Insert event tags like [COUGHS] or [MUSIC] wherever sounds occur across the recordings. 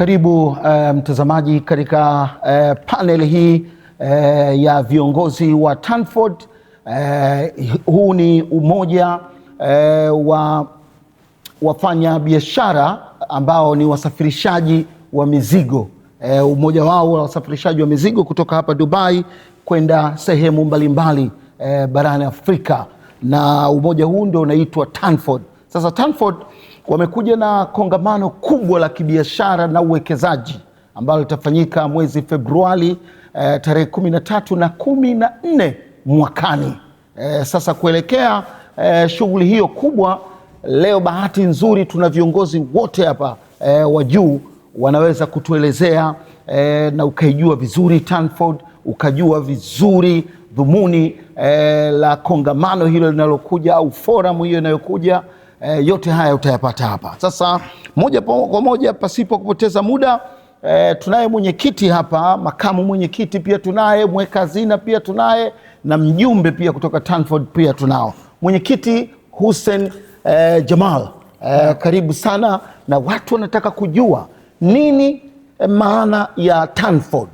Karibu eh, mtazamaji katika uh, panel hii uh, ya viongozi wa Tanford. Uh, huu ni umoja uh, wa wafanya biashara ambao ni wasafirishaji wa mizigo uh, umoja wao wa wasafirishaji wa mizigo kutoka hapa Dubai kwenda sehemu mbalimbali uh, barani Afrika, na umoja huu ndio unaitwa Tanford. Sasa Tanford wamekuja na kongamano kubwa la kibiashara na uwekezaji ambalo litafanyika mwezi Februari eh, tarehe kumi na tatu na kumi na nne mwakani. Eh, sasa kuelekea eh, shughuli hiyo kubwa, leo bahati nzuri tuna viongozi wote hapa eh, wa juu wanaweza kutuelezea eh, na ukaijua vizuri Tanford, ukajua vizuri dhumuni eh, la kongamano hilo linalokuja au forum hiyo inayokuja e, yote haya utayapata hapa. Sasa moja kwa moja pasipo kupoteza muda e, tunaye mwenyekiti hapa, makamu mwenyekiti pia tunaye, mweka hazina pia tunaye, na mjumbe pia kutoka Tanford pia tunao. Mwenyekiti Hussein e, Jamal e, karibu sana, na watu wanataka kujua nini maana ya Tanford.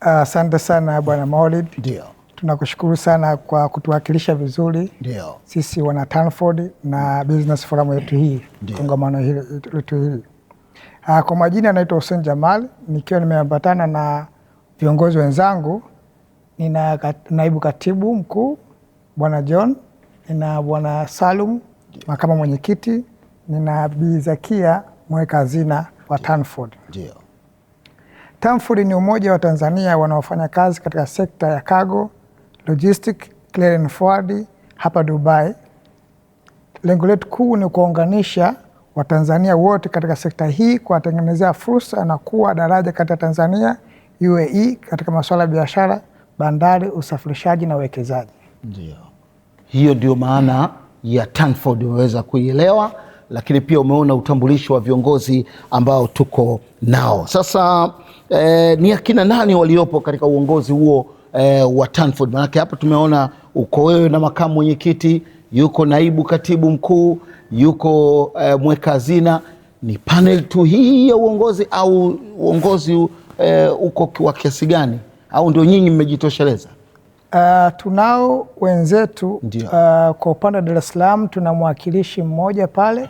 Asante uh, sana bwana Maulid. Ndio. Tunakushukuru sana kwa kutuwakilisha vizuri Ndio. sisi wana Tanford na business forum yetu hii kongamano letu hili. Ah, kwa majina anaitwa Hussein Jamal, nikiwa nimeambatana na viongozi wenzangu, nina naibu katibu mkuu bwana John, nina bwana Salum makamu mwenyekiti, nina Bi Zakia mweka hazina wa Tanford. Tanford ni umoja wa Tanzania wanaofanya kazi katika sekta ya cargo Logistic Clearing and Forward hapa Dubai. Lengo letu kuu ni kuwaunganisha Watanzania wote katika sekta hii, kuwatengenezea fursa na kuwa daraja kati ya Tanzania UAE katika masuala ya biashara, bandari, usafirishaji na uwekezaji. Ndio hiyo ndio maana ya Tanford umeweza kuielewa, lakini pia umeona utambulisho wa viongozi ambao tuko nao sasa. Eh, ni akina nani waliopo katika uongozi huo eh, wa Tanford. Manake hapa tumeona uko wewe na makamu mwenyekiti, yuko naibu katibu mkuu, yuko eh, mweka hazina. Ni panel tu hii ya uongozi au uongozi eh, uko wa kiasi gani, au ndio nyinyi mmejitosheleza? Uh, tunao wenzetu uh, kwa upande wa Dar es Salaam tuna mwakilishi mmoja pale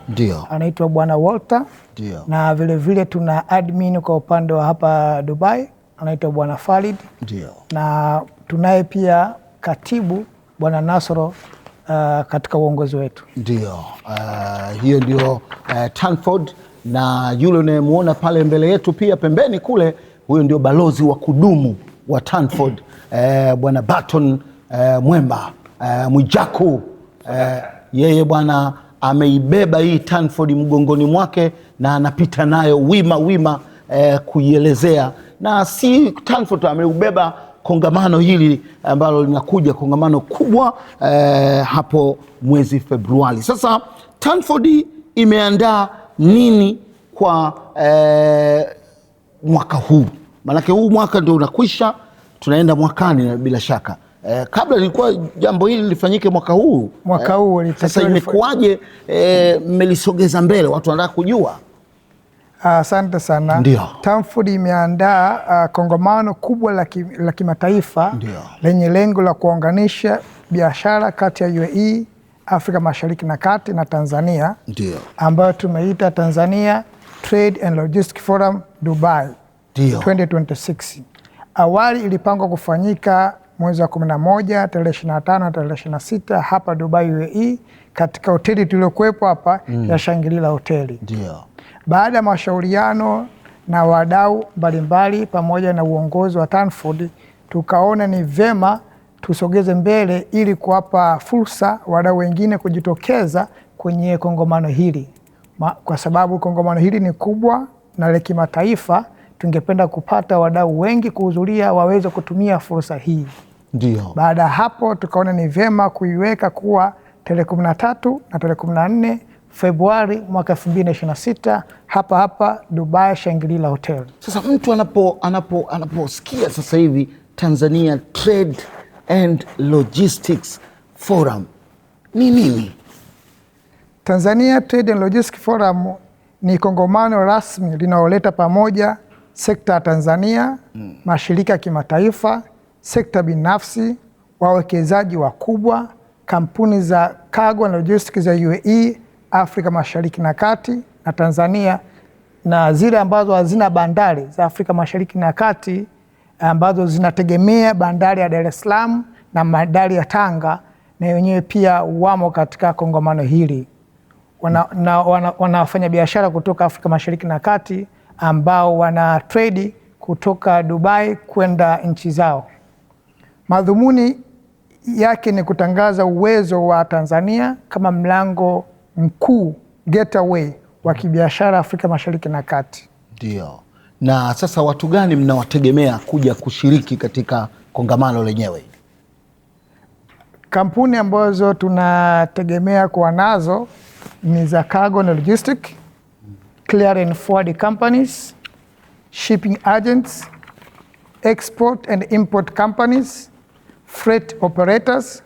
anaitwa Bwana Walter Dio. Na vilevile vile tuna admin kwa upande wa hapa Dubai anaitwa Bwana Farid Ndio. na tunaye pia katibu Bwana Nasoro Uh, katika uongozi wetu ndio uh, hiyo ndio uh, Tanford na yule unayemwona pale mbele yetu pia pembeni kule, huyo ndio balozi wa kudumu wa Tanford uh, bwana Barton uh, Mwemba uh, Mwijaku uh, yeye bwana ameibeba hii Tanford mgongoni mwake na anapita nayo wima wima uh, kuielezea na si Tanford ameubeba kongamano hili ambalo linakuja kongamano kubwa eh, hapo mwezi Februari. Sasa Tanford imeandaa nini kwa eh, mwaka huu? Maanake huu mwaka ndio unakwisha, tunaenda mwakani bila shaka. Eh, kabla lilikuwa jambo hili lifanyike mwaka huu mwaka eh, huu eh, sasa imekuwaje? Eh, mmelisogeza mbele, watu wanataka kujua. Asante uh, sana. Ndio. Tamford imeandaa uh, kongamano kubwa la kimataifa lenye lengo la kuunganisha biashara kati ya UAE, Afrika Mashariki na Kati na Tanzania. Ndio. ambayo tumeita Tanzania Trade and Logistics Forum Dubai Ndio. 2026. Awali ilipangwa kufanyika mwezi wa 11 tarehe 25 na tarehe 26 hapa Dubai UAE, katika hoteli tuliyokuwepo hapa mm. ya Shangri-La hoteli. Ndio. Baada ya mashauriano na wadau mbalimbali pamoja na uongozi wa Tanford, tukaona ni vyema tusogeze mbele ili kuwapa fursa wadau wengine kujitokeza kwenye kongamano hili Ma, kwa sababu kongamano hili ni kubwa na la kimataifa, tungependa kupata wadau wengi kuhudhuria waweze kutumia fursa hii. Ndio. Baada ya hapo tukaona ni vyema kuiweka kuwa tarehe 13 na tarehe 14 Februari mwaka 2026 hapa hapa Dubai Shangri-La Hotel. Sasa mtu anapo anapo anaposikia sasa hivi Tanzania Trade and Logistics Forum ni nini? Tanzania Trade and Logistics Forum ni kongamano rasmi linaloleta pamoja sekta ya Tanzania hmm, mashirika ya kimataifa, sekta binafsi, wawekezaji wakubwa, kampuni za cargo na logistics za UAE Afrika Mashariki na Kati na Tanzania na zile ambazo hazina bandari za Afrika Mashariki na Kati ambazo zinategemea bandari ya Dar es Salaam na bandari ya Tanga na wenyewe pia wamo katika kongamano hili. Wana, na, wana, wanafanya biashara kutoka Afrika Mashariki na Kati ambao wana trade kutoka Dubai kwenda nchi zao. Madhumuni yake ni kutangaza uwezo wa Tanzania kama mlango mkuu getaway wa kibiashara Afrika Mashariki na Kati. Ndio. Na sasa watu gani mnawategemea kuja kushiriki katika kongamano lenyewe? Kampuni ambazo tunategemea kuwa nazo ni za cargo na logistic, clear and forward companies, shipping agents, export and import companies, freight operators,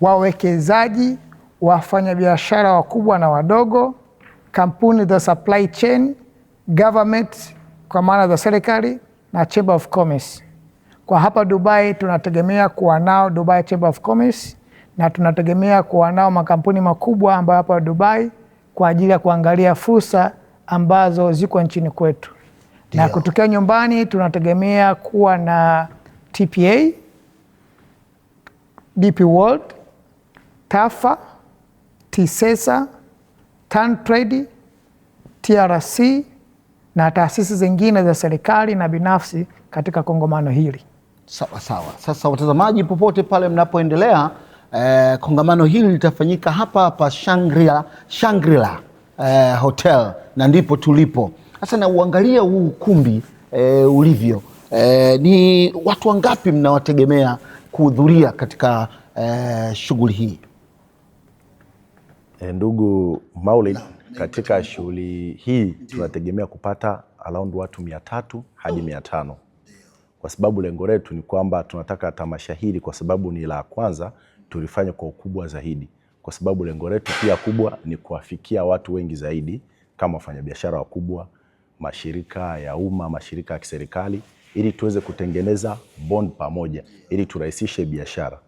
wawekezaji wafanyabiashara wakubwa na wadogo, kampuni za supply chain, government kwa maana za serikali na chamber of commerce. Kwa hapa Dubai tunategemea kuwa nao Dubai Chamber of Commerce na tunategemea kuwa nao makampuni makubwa ambayo hapa Dubai kwa ajili ya kuangalia fursa ambazo ziko nchini kwetu. Dio. Na kutokea nyumbani tunategemea kuwa na TPA, DP World, TAFA TISESA, tantredi TRC na taasisi zingine za serikali na binafsi katika kongamano hili. Sawa sawa. Sasa watazamaji, popote pale mnapoendelea eh, kongamano hili litafanyika hapa hapa Shangri-La, Shangri-La eh, Hotel na ndipo tulipo sasa. Na uangalia huu ukumbi eh, ulivyo eh, ni watu wangapi mnawategemea kuhudhuria katika eh, shughuli hii? Eh, ndugu Maulid, katika shughuli hii tunategemea kupata around watu mia tatu hadi oh. mia tano kwa sababu lengo letu ni kwamba tunataka tamasha hili, kwa sababu ni la kwanza, tulifanya kwa ukubwa zaidi, kwa sababu lengo letu pia kubwa ni kuwafikia watu wengi zaidi, kama wafanyabiashara wakubwa, mashirika ya umma, mashirika ya kiserikali, ili tuweze kutengeneza bond pamoja, ili turahisishe biashara.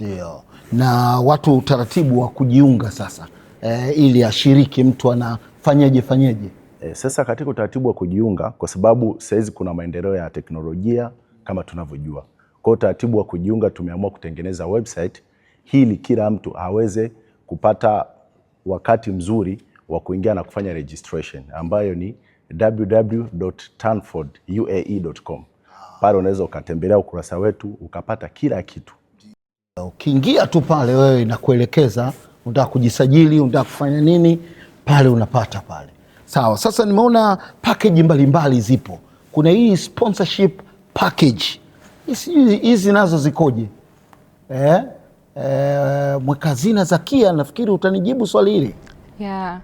Ndio. Na watu utaratibu wa kujiunga sasa e, ili ashiriki mtu anafanyeje fanyeje? E, eh, sasa katika utaratibu wa kujiunga kwa sababu saizi kuna maendeleo ya teknolojia kama tunavyojua. Kwa utaratibu wa kujiunga tumeamua kutengeneza website hili kila mtu aweze kupata wakati mzuri wa kuingia na kufanya registration ambayo ni www.tanforduae.com. Pale unaweza ukatembelea ukurasa wetu ukapata kila kitu Uh, ukiingia tu pale wewe inakuelekeza unataka kujisajili, unataka kufanya nini pale, unapata pale. Sawa, sasa nimeona package mbalimbali zipo. Kuna hii sponsorship package, hizi nazo zikoje? Eh, eh, mwekazina Zakia, nafikiri utanijibu swali hili yeah.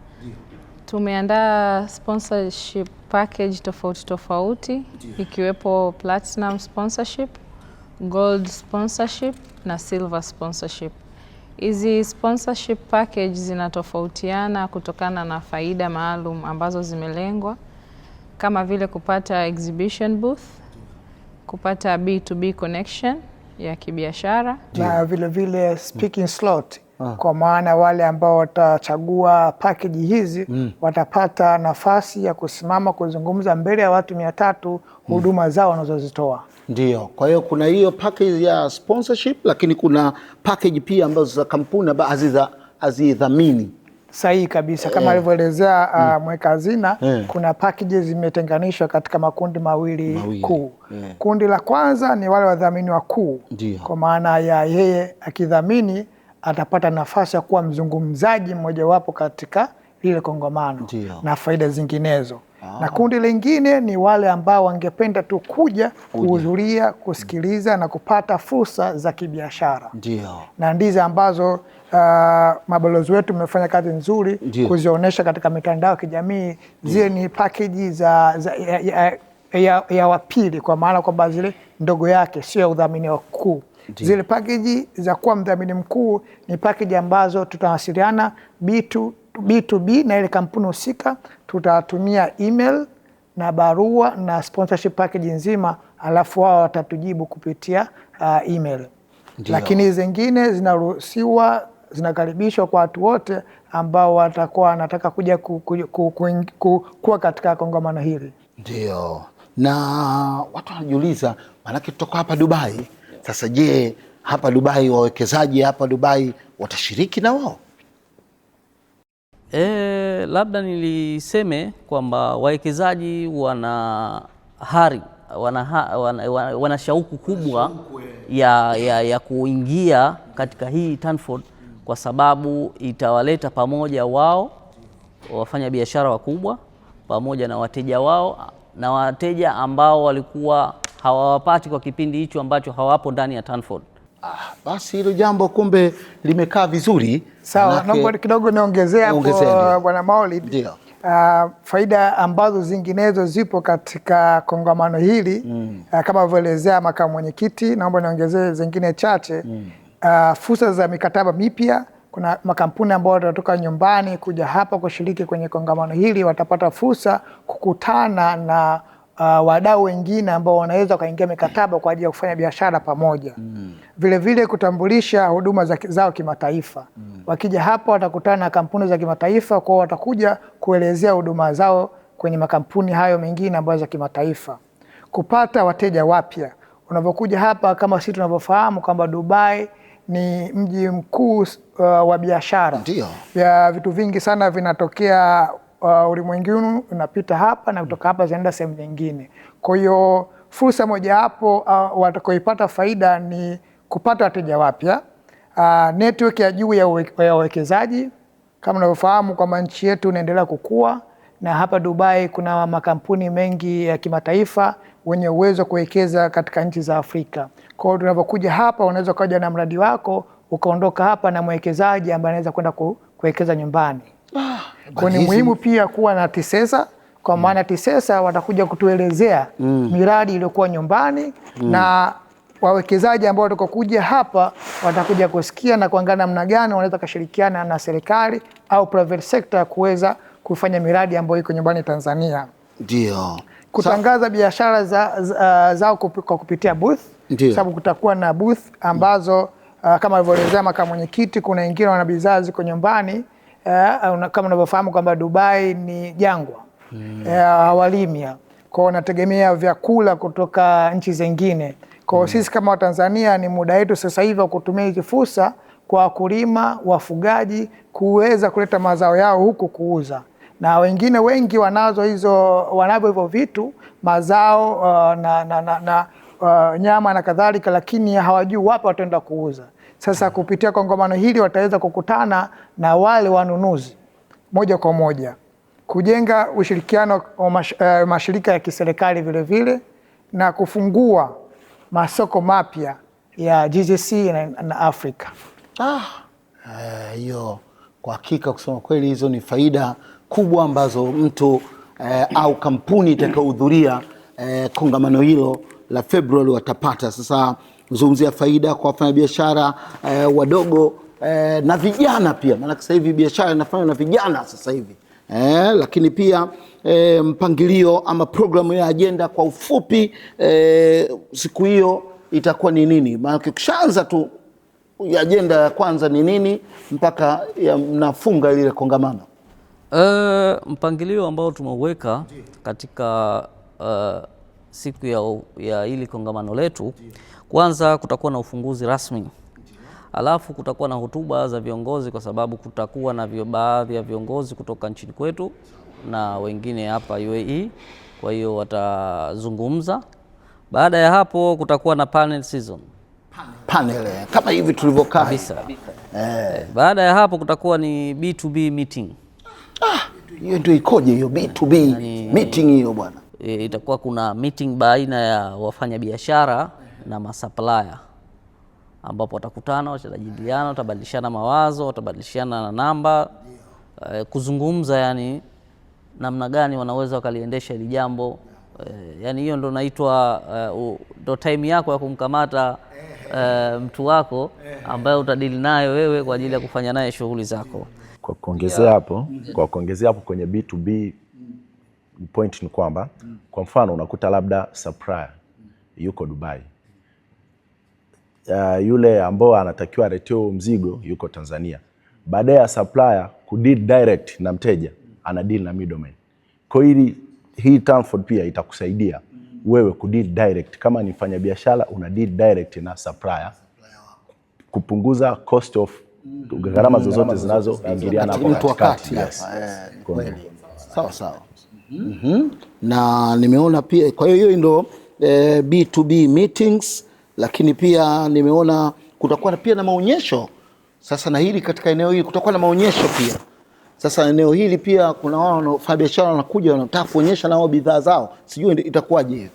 Tumeandaa sponsorship package tofauti tofauti ikiwepo platinum sponsorship gold sponsorship na silver sponsorship. Hizi sponsorship package zinatofautiana kutokana na faida maalum ambazo zimelengwa kama vile kupata exhibition booth, kupata B2B connection ya kibiashara na vile speaking slot ah. Kwa maana wale ambao watachagua pakeji hizi mm. watapata nafasi ya kusimama kuzungumza mbele ya watu mia tatu mm. huduma mm. zao wanazozitoa. Ndio, kwa hiyo kuna hiyo package ya sponsorship, lakini kuna package pia ambazo za kampuni ambazo hazidhamini Sahihi kabisa kama eh. alivyoelezea yeah. Mm. uh, mweka hazina yeah. kuna packages zimetenganishwa katika makundi mawili, mawili. kuu yeah. Kundi la kwanza ni wale wadhamini wakuu, kwa maana ya yeye akidhamini atapata nafasi ya kuwa mzungumzaji mmojawapo katika lile kongamano na faida zinginezo. Aha. Na kundi lingine ni wale ambao wangependa tu kuja kuhudhuria, kusikiliza na kupata fursa za kibiashara, na ndizo ambazo Uh, mabalozi wetu mmefanya kazi nzuri kuzionyesha katika mitandao ya kijamii. Zile ni pakeji za, za ya, ya, ya, ya wapili kwa maana kwamba zile ndogo yake sio ya udhamini wakuu. Zile pakeji za kuwa mdhamini mkuu ni pakeji ambazo tutawasiliana B2, b na ile kampuni husika, tutatumia email na barua na sponsorship package nzima, alafu wao watatujibu kupitia uh, email. Ndiyo. Lakini zingine zinaruhusiwa zinakaribishwa kwa watu wote ambao watakuwa wanataka kuja ku, ku, ku, ku, ku, kuwa katika kongamano hili. Ndio na watu wanajiuliza, maanake tutoka hapa Dubai. Sasa je, hapa Dubai wawekezaji hapa Dubai watashiriki na wao? E, labda niliseme kwamba wawekezaji wana hari wana, ha, wana, wana, wana shauku kubwa eh. ya, ya, ya kuingia katika hii Tanford kwa sababu itawaleta pamoja wao wafanya biashara wakubwa pamoja na wateja wao na wateja ambao walikuwa hawawapati kwa kipindi hicho ambacho hawapo ndani ya Tanford. Ah, basi hilo jambo kumbe limekaa vizuri. Sawa, naomba kidogo niongezea hapo uh, Bwana Maulid. Uh, faida ambazo zinginezo zipo katika kongamano hili mm. Uh, kama alivyoelezea makamu mwenyekiti, naomba niongezee zingine chache mm. Uh, fursa za mikataba mipya kuna makampuni ambayo watatoka nyumbani kuja hapa kushiriki kwenye kongamano hili, watapata fursa kukutana na uh, wadau wengine ambao wanaweza wakaingia mikataba kwa ajili ya kufanya biashara pamoja. Mm. Vile vile kutambulisha huduma za, zao kimataifa. Mm. Wakija hapa watakutana na kampuni za kimataifa, kwao watakuja kuelezea huduma zao kwenye makampuni hayo mengine ambayo za kimataifa. Kupata wateja wapya unavyokuja hapa, kama sisi tunavyofahamu kwamba Dubai ni mji mkuu uh, wa biashara. Ndio. Ya vitu vingi sana vinatokea uh, ulimwenguni unapita hapa na kutoka hapa zinaenda sehemu nyingine. Kwa hiyo fursa mojawapo uh, watakoipata faida ni kupata wateja wapya, uh, network ya juu ya wawekezaji uwe, kama unavyofahamu kwamba nchi yetu inaendelea kukua na hapa Dubai kuna makampuni mengi ya kimataifa wenye uwezo wa kuwekeza katika nchi za Afrika. Kwa hiyo tunapokuja hapa, unaweza ukaja na mradi wako ukaondoka hapa na mwekezaji ambaye anaweza kwenda kuwekeza nyumbani. Ah, kwa ni muhimu pia kuwa na TISESA kwa mm. maana mm. TISESA watakuja kutuelezea mm. miradi iliyokuwa nyumbani mm. na wawekezaji ambao watakokuja hapa watakuja kusikia na kuangalia namna gani wanaweza kushirikiana na serikali au private sector kuweza kufanya miradi ambayo iko nyumbani Tanzania. Ndio. Kutangaza biashara za, za, uh, zao kwa kupitia booth sababu kutakuwa na booth ambazo uh, kama alivyoelezea makamu mwenyekiti, kuna wengine wana bidhaa ziko nyumbani uh, kama unavyofahamu kwamba Dubai ni jangwa hmm. eh, hawalimia mm. uh, kwao wanategemea vyakula kutoka nchi zingine kwao mm. Sisi kama Watanzania ni muda wetu sasa hivi wa kutumia hii fursa kwa wakulima, wafugaji kuweza kuleta mazao yao huku kuuza na wengine wengi wanazo hizo wanavyo hivyo vitu mazao uh, na, na, na, na uh, nyama na kadhalika, lakini hawajui wapi wataenda kuuza. Sasa kupitia kongamano hili wataweza kukutana na wale wanunuzi moja kwa moja, kujenga ushirikiano wa mash, uh, mashirika ya kiserikali vilevile na kufungua masoko mapya ya GCC na, na Afrika. Ah, eh, hiyo ah, uh, kwa hakika kusema kweli hizo ni faida kubwa ambazo mtu uh, au kampuni itakayohudhuria uh, kongamano hilo la Februari watapata. Sasa zungumzia faida kwa wafanyabiashara eh, wadogo eh, na vijana pia, maana sasa hivi biashara inafanywa na vijana sasa hivi eh, lakini pia eh, mpangilio ama programu ya ajenda kwa ufupi eh, siku hiyo itakuwa ni nini? Maana ukishaanza tu ajenda ya kwanza ni nini mpaka mnafunga lile kongamano? Uh, mpangilio ambao tumeuweka katika uh, siku ya, ya ili kongamano letu, kwanza kutakuwa na ufunguzi rasmi, alafu kutakuwa na hotuba za viongozi, kwa sababu kutakuwa na baadhi ya viongozi kutoka nchini kwetu na wengine hapa UAE, kwa hiyo watazungumza. Baada ya hapo kutakuwa na panel season panel kama hivi tulivyokaa kabisa. Eh, baada ya hapo kutakuwa ni B2B meeting. Ah, hiyo ndio ikoje hiyo B2B meeting hiyo bwana? e, itakuwa kuna meeting baina ya wafanyabiashara na masupplier ambapo watakutana, watajadiliana, watabadilishana mawazo, watabadilishana na namba e, kuzungumza yani namna gani wanaweza wakaliendesha hili jambo e, yani hiyo ndo naitwa e, ndo e, time yako ya kumkamata e, mtu wako ambaye utadili naye wewe kwa ajili ya kufanya naye shughuli zako. Kwa kuongezea hapo, kwa kuongezea hapo kwenye B2B point ni kwamba mm. kwa mfano unakuta labda supplier yuko Dubai uh, yule ambao anatakiwa aletewe mzigo yuko Tanzania, baadaye ya supplier ku deal direct na mteja ana deal na middleman. Kwa hili hii Tanford pia itakusaidia wewe ku deal direct, kama ni mfanyabiashara una deal direct na supplier kupunguza cost of gharama mm, zozote zinazoingiliana eh, kwa wakati. Yes. Yes. katikati. Sawa sawa mm -hmm. na nimeona pia, kwa hiyo hiyo ndio e, eh, B2B meetings, lakini pia nimeona kutakuwa pia na maonyesho sasa, na hili katika eneo hili kutakuwa na maonyesho pia sasa eneo hili pia kuna wao wanaofanya biashara wanakuja wanataka kuonyesha nao bidhaa zao, sijui itakuwaje hiyo.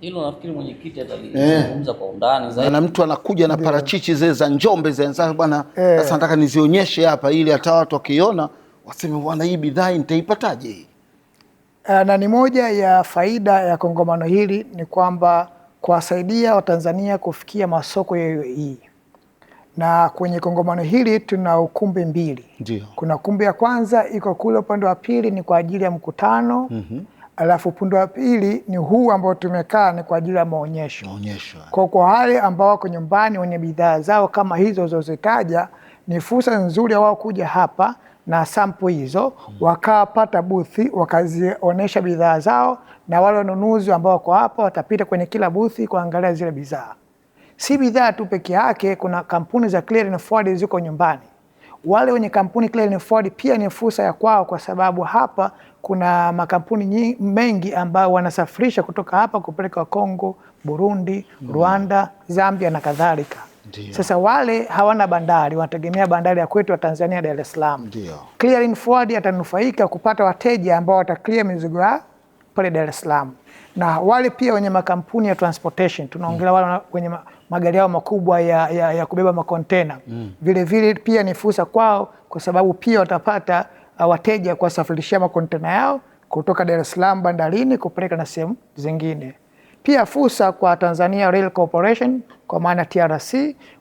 hilo. Nafikiri mwenyekiti atalizungumza eh. kwa undani zaidi. Na mtu anakuja na parachichi zile za Njombe zile, zenzao bwana, eh. sasa nataka nizionyeshe hapa, ili hata watu wakiona waseme, bwana, hii bidhaa nitaipataje? hii? Eh, na ni moja ya faida ya kongamano hili ni kwamba kuwasaidia Watanzania kufikia masoko UAE. na kwenye kongamano hili tuna ukumbi mbili. Ndiyo. Kuna kumbi ya kwanza iko kule upande wa pili ni kwa ajili ya mkutano. mm -hmm. Alafu upande wa pili ni huu ambao tumekaa ni kwa ajili ya maonyesho. Maonyesho. Kwa kwa wale ambao wako nyumbani wenye bidhaa zao kama hizo zozitaja, ni fursa nzuri ya wao kuja hapa na sampu hizo mm. wakapata buthi wakazionyesha bidhaa zao, na wale wanunuzi ambao wako hapa watapita kwenye kila buthi kuangalia zile bidhaa. Si bidhaa tu peke yake, kuna kampuni za clearing and forward ziko nyumbani. Wale wenye kampuni clearing and forward pia ni fursa ya kwao, kwa sababu hapa kuna makampuni mengi ambao wanasafirisha kutoka hapa kupeleka Kongo, Burundi, Rwanda, Zambia na kadhalika. Ndiyo. Sasa wale hawana bandari, wanategemea bandari ya kwetu ya Tanzania, Dar es Salaam. Clear Forward atanufaika kupata wateja ambao wataclear mizigo ya pale Dar es Salaam, na wale pia wenye makampuni ya transportation tunaongelea, wale wenye magari yao makubwa ya, ya, ya kubeba makontena mm. Vile vilevile pia ni fursa kwao, kwa sababu pia watapata uh, wateja kuwasafirishia makontena yao kutoka Dar es Salaam bandarini kupeleka na sehemu zingine. Pia fursa kwa Tanzania Rail Corporation kwa maana TRC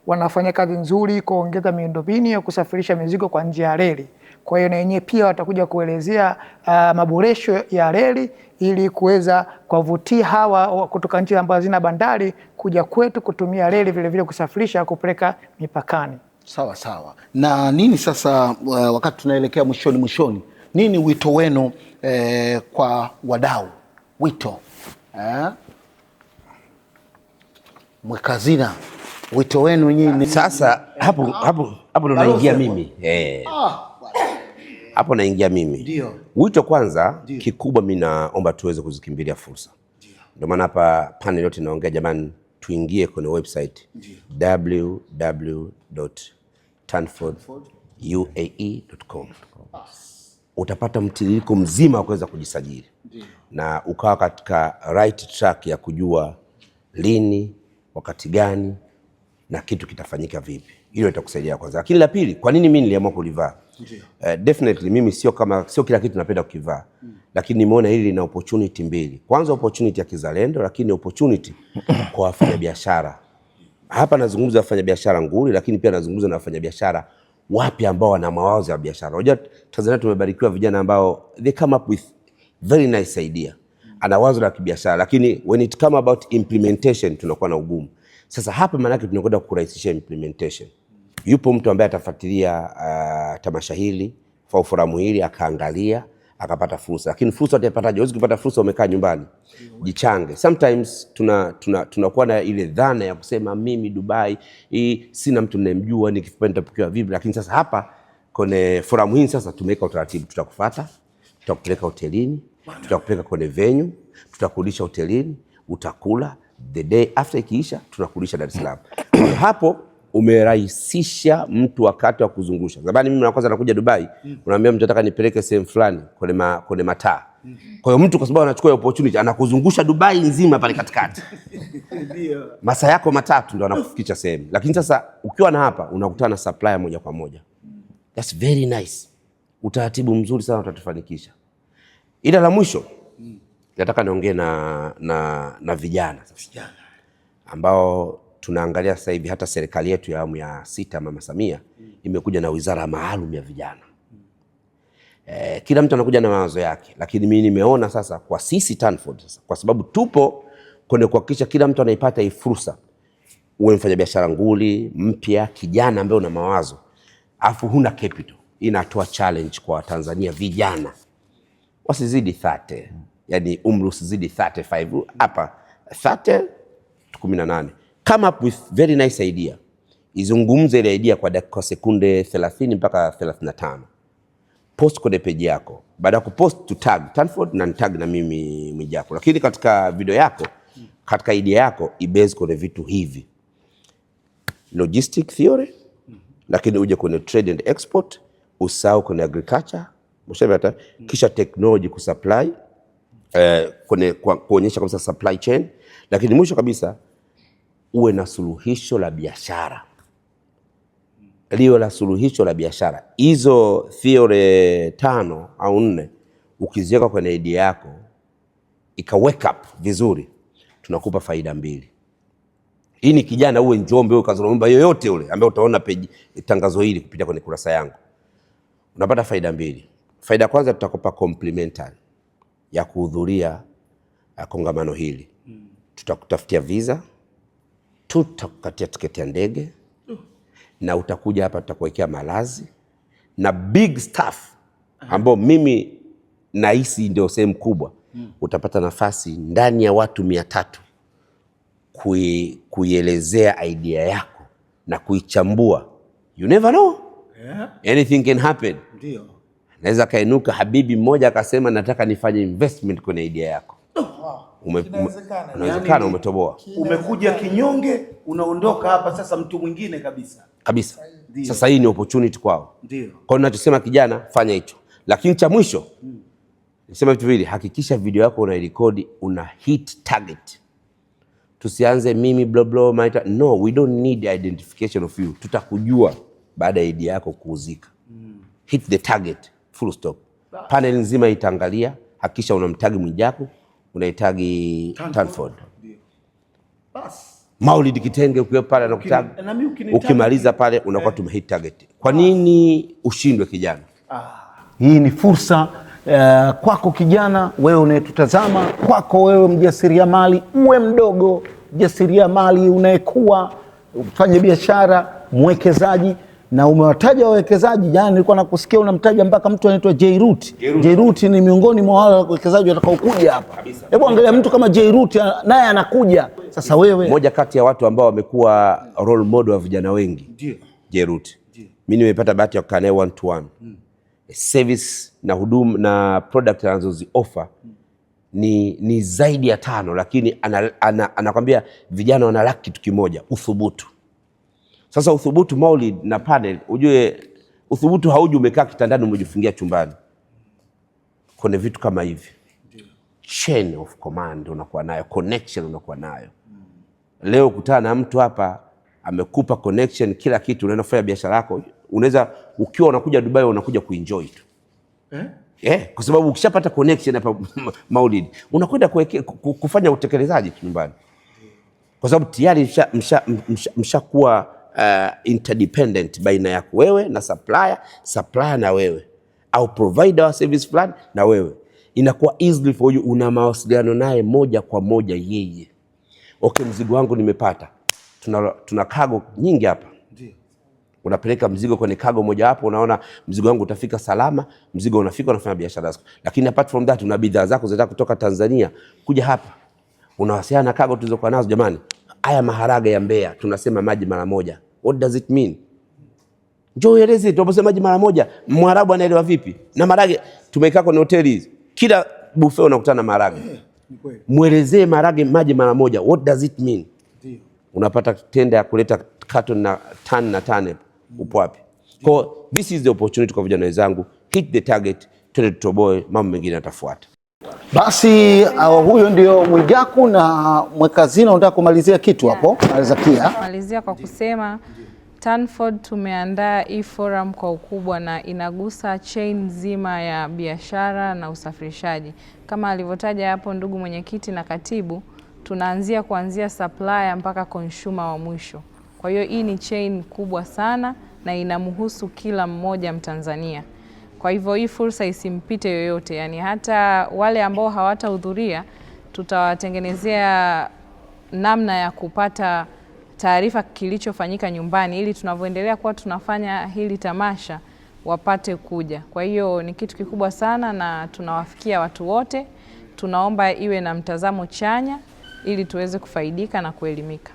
wanafanya kazi nzuri kuongeza miundombinu ya kusafirisha mizigo kwa njia ya reli. Kwa hiyo na wenyewe pia watakuja kuelezea uh, maboresho ya reli ili kuweza kuwavutia hawa kutoka nchi ambazo zina bandari kuja kwetu kutumia reli vile vile kusafirisha kupeleka mipakani. Sawa sawa. Na nini sasa, uh, wakati tunaelekea mwishoni mwishoni, nini wito wenu eh, kwa wadau wito eh? mwekazina wito wenu nyinyi sasa. Hapo hapo hapo naingia mimi eh, ah, hapo naingia mimi ndio wito kwanza. Dio. Kikubwa mimi naomba tuweze kuzikimbilia fursa, ndio maana hapa panel yote inaongea jamani, tuingie kwenye website www.tanforduae.com utapata mtiririko mzima wa kuweza kujisajili na ukawa katika right track ya kujua lini wakati gani na kitu kitafanyika vipi. Hilo itakusaidia kwanza, lakini la pili, kwa nini mimi niliamua kulivaa? Uh, definitely mimi sio kama sio kila kitu napenda kukivaa mm. Lakini nimeona hili lina opportunity mbili, kwanza opportunity ya kizalendo, lakini opportunity [COUGHS] kwa wafanyabiashara hapa nazungumza wafanyabiashara nguri lakini pia nazungumza na wafanyabiashara wapya ambao wana mawazo ya biashara. Unajua Tanzania tumebarikiwa vijana ambao they come up with very nice idea ana wazo la kibiashara, lakini when it come about implementation tunakuwa na ugumu. Sasa hapa maanake tunakwenda kukurahisisha implementation. Yupo mtu ambaye atafuatilia uh, tamasha hili au foramu hili akaangalia akapata fursa, lakini fursa atapata, Huwezi kupata fursa umekaa nyumbani. Jichange. Sometimes tuna tunakuwa tuna na ile dhana ya kusema mimi Dubai hii sina mtu ninayemjua, nikifika nitapokewa vipi? Lakini sasa hapa kwenye forum hii sasa tumeweka utaratibu, tutakufuata, tutakupeleka hotelini tutakupeleka kwenye venyu, tutakulisha hotelini, utakula the day after, ikiisha tunakulisha Dar es Salaam. [CLEARS THROAT] Hapo umerahisisha mtu wakati wa kuzungusha. Zamani mimi kwanza nakuja Dubai, mm. unaambia mtu nataka nipeleke sehemu fulani kwenye ma, kwenye mataa. Kwa hiyo mtu kwa sababu anachukua opportunity anakuzungusha Dubai nzima pale katikati [LAUGHS] Ndio. masaa yako matatu ndo anakufikisha sehemu. Lakini sasa ukiwa na hapa unakutana na supplier moja kwa moja. That's very nice. Utaratibu mzuri sana utatufanikisha. Ila la mwisho mm. nataka niongee na, na, na vijana vijana ambao tunaangalia sasa hivi hata serikali yetu ya awamu ya sita Mama Samia mm. imekuja na wizara maalum ya vijana mm. eh, kila mtu anakuja na mawazo yake, lakini mimi nimeona sasa kwa sisi Tanford sasa, kwa sababu tupo kwenye kuhakikisha kila mtu anaipata hii fursa, uwe mfanyabiashara nguli mpya, kijana ambaye una mawazo afu huna capital, inatoa challenge kwa tanzania vijana wasizidi 30 mm. yani umri usizidi 35 hapa 30 18 come up with very nice idea izungumze ile idea kwa dakika sekunde 30 mpaka 35 post kwenye page yako baada ya kupost tu tag Tanford na tag na mimi Mwijaku lakini katika video yako katika idea yako ibase kwenye vitu hivi logistic theory lakini uje kwenye trade and export usahau kwenye agriculture mshapata, mm. kisha technology supply eh, kone, kuonyesha kabisa supply chain, lakini mwisho kabisa uwe na suluhisho la biashara lio la suluhisho la biashara. Hizo theory tano au nne ukiziweka kwenye idea yako ika wake up vizuri, tunakupa faida mbili. Hii ni kijana uwe Njombe, uwe Kazolomba, yoyote ule ambaye utaona peji tangazo hili kupita kwenye kurasa yangu, unapata faida mbili. Faida kwanza tutakupa complimentary ya kuhudhuria uh, kongamano hili mm. Tutakutafutia visa, tutakukatia tiketi ya ndege mm. na utakuja hapa, tutakuwekea malazi na big staff ambao mimi nahisi ndio sehemu kubwa mm. Utapata nafasi ndani ya watu mia tatu kuielezea idea yako na kuichambua. You never know yeah. Anything can happen. Ndio. Naweza kainuka habibi mmoja akasema nataka nifanye investment kwenye idea yako. Oh, Unawezekana yaani umetoboa. Umekuja kinyonge, unaondoka hapa sasa mtu mwingine kabisa. Kabisa. Ndiyo. Sasa hii ni opportunity kwao. Ndio. Kwa hiyo ninachosema kijana, fanya hicho. Lakini cha mwisho, hmm. Nisema vitu viwili. hakikisha video yako unairekodi una hit target. Tusianze mimi blah blah maita. No, we don't need identification of you. Tutakujua baada ya idea yako kuuzika. Hmm. Hit the target full stop. Panel nzima itaangalia, hakisha unamtagi Mwijaku, unaitagi Tanford, Maulid Kitenge ukiwa pale na kutagi, ukimaliza pale unakuwa eh. tumehit target. Kwa nini ushindwe kijana? Ah. Hii ni fursa Uh, kwako kijana wewe unayetutazama, kwako wewe mjasiriamali, uwe mdogo mjasiriamali unayekuwa, mfanye biashara, mwekezaji na umewataja wawekezaji. Jana nilikuwa nakusikia unamtaja mpaka mtu anaitwa Jairut. Jairut ni miongoni mwa wale wawekezaji watakaokuja hapa. Hebu angalia mtu kama Jairut naye anakuja sasa. Wewe moja kati ya watu ambao wamekuwa role model wa vijana wengi, Jairut. Mimi nimepata bahati ya kukaa naye one to one. Hmm. Service na huduma na product anazozi offer ni, ni zaidi ya tano, lakini anakwambia ana, ana vijana wana laki kitu kimoja, uthubutu sasa uthubutu Maulid na panel, ujue uthubutu hauji umekaa kitandani umejifungia chumbani. Kuna vitu kama hivi, chain of command unakuwa nayo, connection unakuwa nayo. Leo kutana na mtu hapa amekupa connection, kila kitu, unaenda kufanya biashara yako, unaweza ukiwa unakuja Dubai unakuja kuenjoy tu eh? Eh, kwa sababu ukishapata connection hapa [LAUGHS] Maulid unakwenda kufanya utekelezaji nyumbani, kwa sababu tayari mshakuwa msha, msha, msha uh, interdependent baina yako wewe na supplier, supplier na wewe, au provider wa service fulani na wewe, inakuwa easily for you, una mawasiliano naye moja kwa moja yeye. Okay, mzigo wangu nimepata. Tuna, tuna cargo nyingi hapa unapeleka mzigo kwenye kago moja wapo, unaona mzigo wangu utafika salama, mzigo unafika, unafanya biashara zako. Lakini apart from that, una bidhaa zako zinataka kutoka Tanzania kuja hapa, unawasiliana na kago tulizokuwa nazo. Jamani, haya maharage ya Mbeya tunasema maji mara moja, What does it mean? Njoo ueleze, tunaposemaje mara moja, Mwarabu anaelewa vipi? Na marage tumekaa kwenye hoteli hizi. Kila buffet unakutana na marage. [CLEARS THROAT] Mwelezee marage maji mara moja. What does it mean? Ndio. Unapata tenda ya kuleta carton na tan na tane mm. upo wapi? Kwa this is the opportunity kwa vijana wenzangu, hit the target, twende tutoboe, mambo mengine yatafuata. Basi uh, huyo ndio Mwijaku na Mwekazina, unataka kumalizia kitu hapo? Malizakia malizia kwa kusema Tanford tumeandaa hii forum kwa ukubwa na inagusa chain nzima ya biashara na usafirishaji kama alivyotaja hapo ndugu mwenyekiti na katibu, tunaanzia kuanzia supplier mpaka consumer wa mwisho. Kwa hiyo hii ni chain kubwa sana na inamhusu kila mmoja Mtanzania. Kwa hivyo hii fursa isimpite yoyote, yani hata wale ambao hawatahudhuria tutawatengenezea namna ya kupata taarifa kilichofanyika nyumbani, ili tunavyoendelea kuwa tunafanya hili tamasha wapate kuja. Kwa hiyo ni kitu kikubwa sana na tunawafikia watu wote. Tunaomba iwe na mtazamo chanya ili tuweze kufaidika na kuelimika.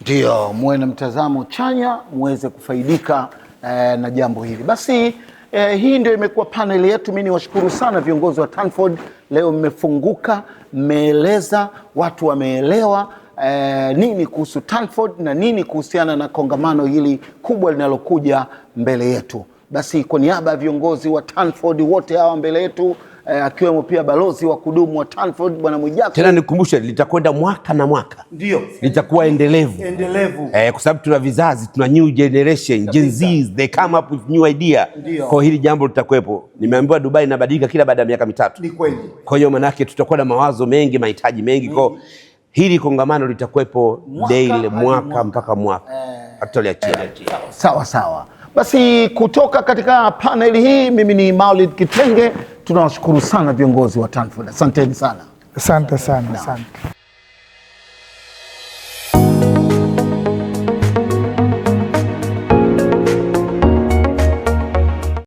ndio muwe na mtazamo chanya muweze kufaidika eh, na jambo hili basi. Eh, hii ndio imekuwa paneli yetu. Mimi niwashukuru sana viongozi wa Tanford, leo mmefunguka, mmeeleza, watu wameelewa eh, nini kuhusu Tanford na nini kuhusiana na kongamano hili kubwa linalokuja mbele yetu. Basi kwa niaba ya viongozi wa Tanford wote hawa mbele yetu eh, akiwemo pia balozi wa kudumu wa Tanford bwana Mwijaku. Tena nikumbushe litakwenda mwaka na mwaka, ndio litakuwa endelevu, endelevu eh, kwa sababu tuna vizazi, tuna new generation Gen Z, they come up with new idea. Kwa hili jambo litakuwepo, nimeambiwa Dubai inabadilika kila baada ya miaka mitatu. Ni kweli. Kwa hiyo manake tutakuwa na mawazo mengi, mahitaji mengi kwa hili kongamano litakuwepo daily mwaka mpaka mwaka eh. hatutaliachia. Eh. Sawa sawa, basi kutoka katika paneli hii, mimi ni Maulid Kitenge tunawashukuru sana viongozi wa TANFOD. Asanteni sana, asante sana, asante.